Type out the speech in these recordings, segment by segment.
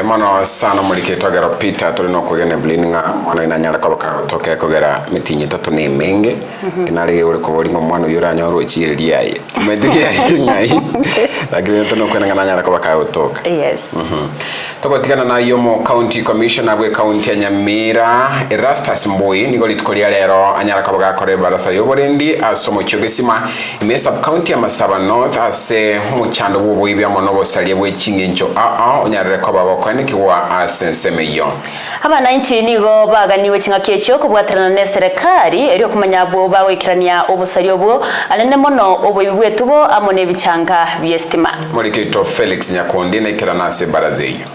emwana wasana muliketwagera peter tuli nokugene blininga mwana ina nyara kaboka toke kugera mitinyi tatu ni mingi mhm. inari uri kuburimo mwana uyu uranyorwo chiria ye tumetikia ngai lakini tuno kwena nyara kaboka utoka yes mhm mm tukotikana na yomo county commissioner gwe county ya nyamira erastus mbui nigo litukolia lero anyara kaboka kore barasa yoborindi asomo chogesima ime sub county ya masaba north ase muchando bubwo ibya mono bosalie bwe chingencho a a onyarere ko baboko kwanikiwa asensemeyo abananchi nigo baganiwe ching'aki echio kobwaterana na erio riokumanya abwo bagoikerania obosari obwo anene mono oboibi bwetugo amo n'ebichanga ebichanga bia estima morekeito felix nyakundi naikerana ase embaraza eyo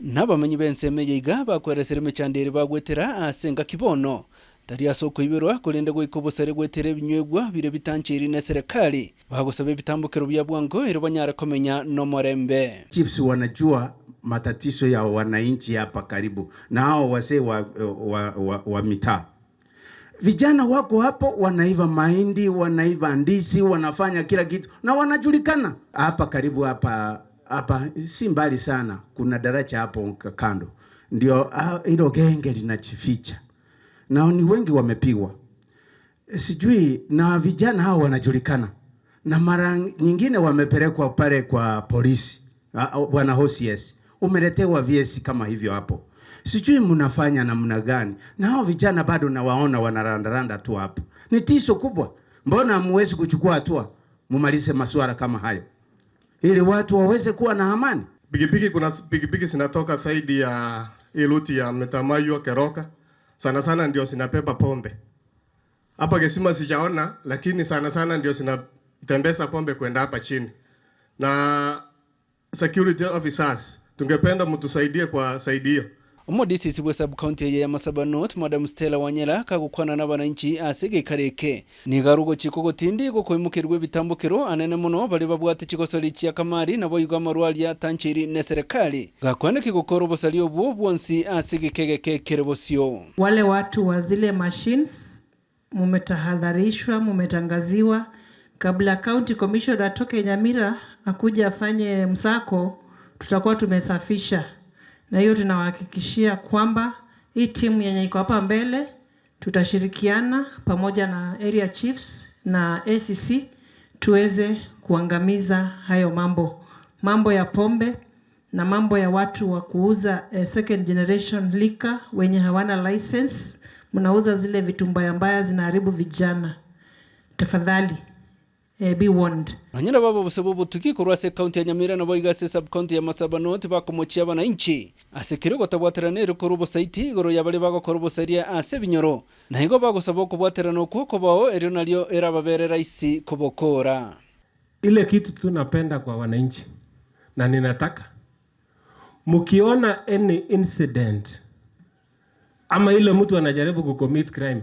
nabamenyi benseme ensemo eye iga bagwetera ase ng'aki bono tari ase okoiberwa korenda goika obosare gwetera ebinywegwa bire bitancheri na serikali bagosaba ebitambukero bia bwango ero banyara komenya nomorembe chiefs wanajua matatizo ya wananchi hapa karibu na hao wasee wa, wa, wa, wa mitaa. Vijana wako hapo wanaiva mahindi, wanaiva ndizi, wanafanya kila kitu na wanajulikana hapa karibu hapa hapa, si mbali sana, kuna daraja hapo kando, ndio hilo genge linachificha na ni wengi wamepigwa, sijui na vijana hao wanajulikana, na mara nyingine wamepelekwa pale kwa polisi bwana yes umeletewa vyesi kama hivyo hapo, sijui mnafanya namna gani? Na hao vijana bado nawaona wanarandaranda tu hapo, ni tiso kubwa. Mbona hamwezi kuchukua hatua mumalize masuala kama hayo ili watu waweze kuwa na amani? Pikipiki, kuna pikipiki zinatoka zaidi ya iluti ya Mtamayo Keroka, sana sana ndio zinabeba pombe hapa Kisima sijaona, lakini sana sana ndio zinatembeza pombe kwenda hapa chini na security officers tungependa mtusaidie kwa saidi hiyo omudisisi bwe ya masaba north madam stella wanyela kagukwana n'abananchi ase geikara eke nigaru gochiko gotindi gokoimukerwa ebitambukero anene mono bare babwati chigosori chia kamari nabo iga ya tanchiri ne serikali gakwaneki gokora obosari obwo bwonsi asege kegeke kere wale watu wa zile machines mumetahadharishwa mumetangaziwa kabla county commissioner atoke nyamira akuja afanye msako tutakuwa tumesafisha, na hiyo tunawahakikishia kwamba hii timu yenye iko hapa mbele tutashirikiana pamoja na area chiefs na ACC tuweze kuangamiza hayo mambo, mambo ya pombe na mambo ya watu wa kuuza eh, second generation liquor wenye hawana license, mnauza zile vitu mbaya mbaya zinaharibu vijana. Tafadhali eh, be warned anyina babo busobo se county ya nyamira na boiga se sub county ya masaba north bakomochia bana inchi asekire gotabwaterana ero kurubo saiti igoro ya bari bago kurubo saria ase binyoro na higo bago sabo kubwaterana ko kobao eryo nalyo erababerera isi kobokora ile kitu tunapenda kwa wananchi na ninataka mukiona any incident ama ile mtu anajaribu kucommit crime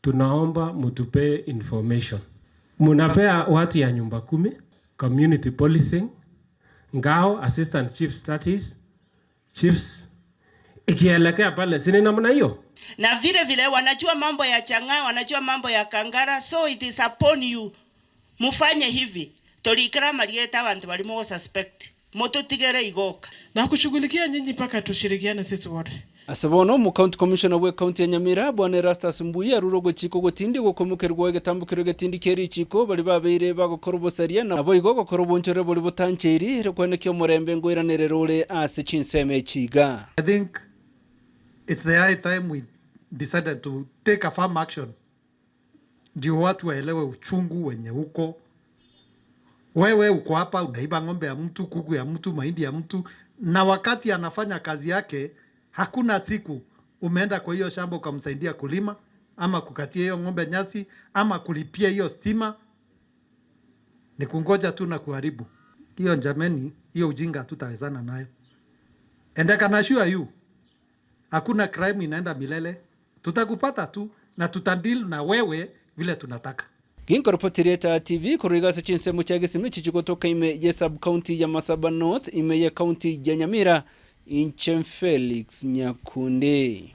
tunaomba mtupee information munapea watu ya nyumba kumi, community policing, ngao, assistant chief status, chiefs ikielekea pale sini namna hiyo na vile vile wanajua mambo ya changa wanajua mambo ya Kangara, so it is upon you mufanye hivi toliikira marieta abantu balimo suspect moto tigere igoka na kushughulikia nyinyi mpaka tushirikiane sisi wote asebono mu county commissioner we county ya nyamira bwana erastus mbui arure ogochiko gotindi gokomokerwa egetambukiro gatindi keri ichiko bari babeire bagokora obosaria nabo igo ogokora obonchore bori botancheiri rekweneki omorembe ngoiranere ore ase chinsemo echiga i think it's the high time we decided to take a firm action ndio watu waelewe uchungu wenye uko wewe uko hapa unaiba ng'ombe ya mtu, kuku ya mtu, mahindi ya mtu, na wakati anafanya kazi yake, hakuna siku umeenda kwa hiyo shamba ukamsaidia kulima ama kukatia hiyo ng'ombe nyasi ama kulipia hiyo stima. Ni kungoja tu na kuharibu hiyo. Jameni, hiyo ujinga hatutawezana nayo. Endeka na shua yu, hakuna crime inaenda milele, tutakupata tu na tutandil na wewe vile tunataka. Nginkorpotireta TV kururiga sechinse muchagisi mnichi chikotoka ime ya sub-county ya Masaba North ime ya county ya Nyamira inche Felix Nyakunde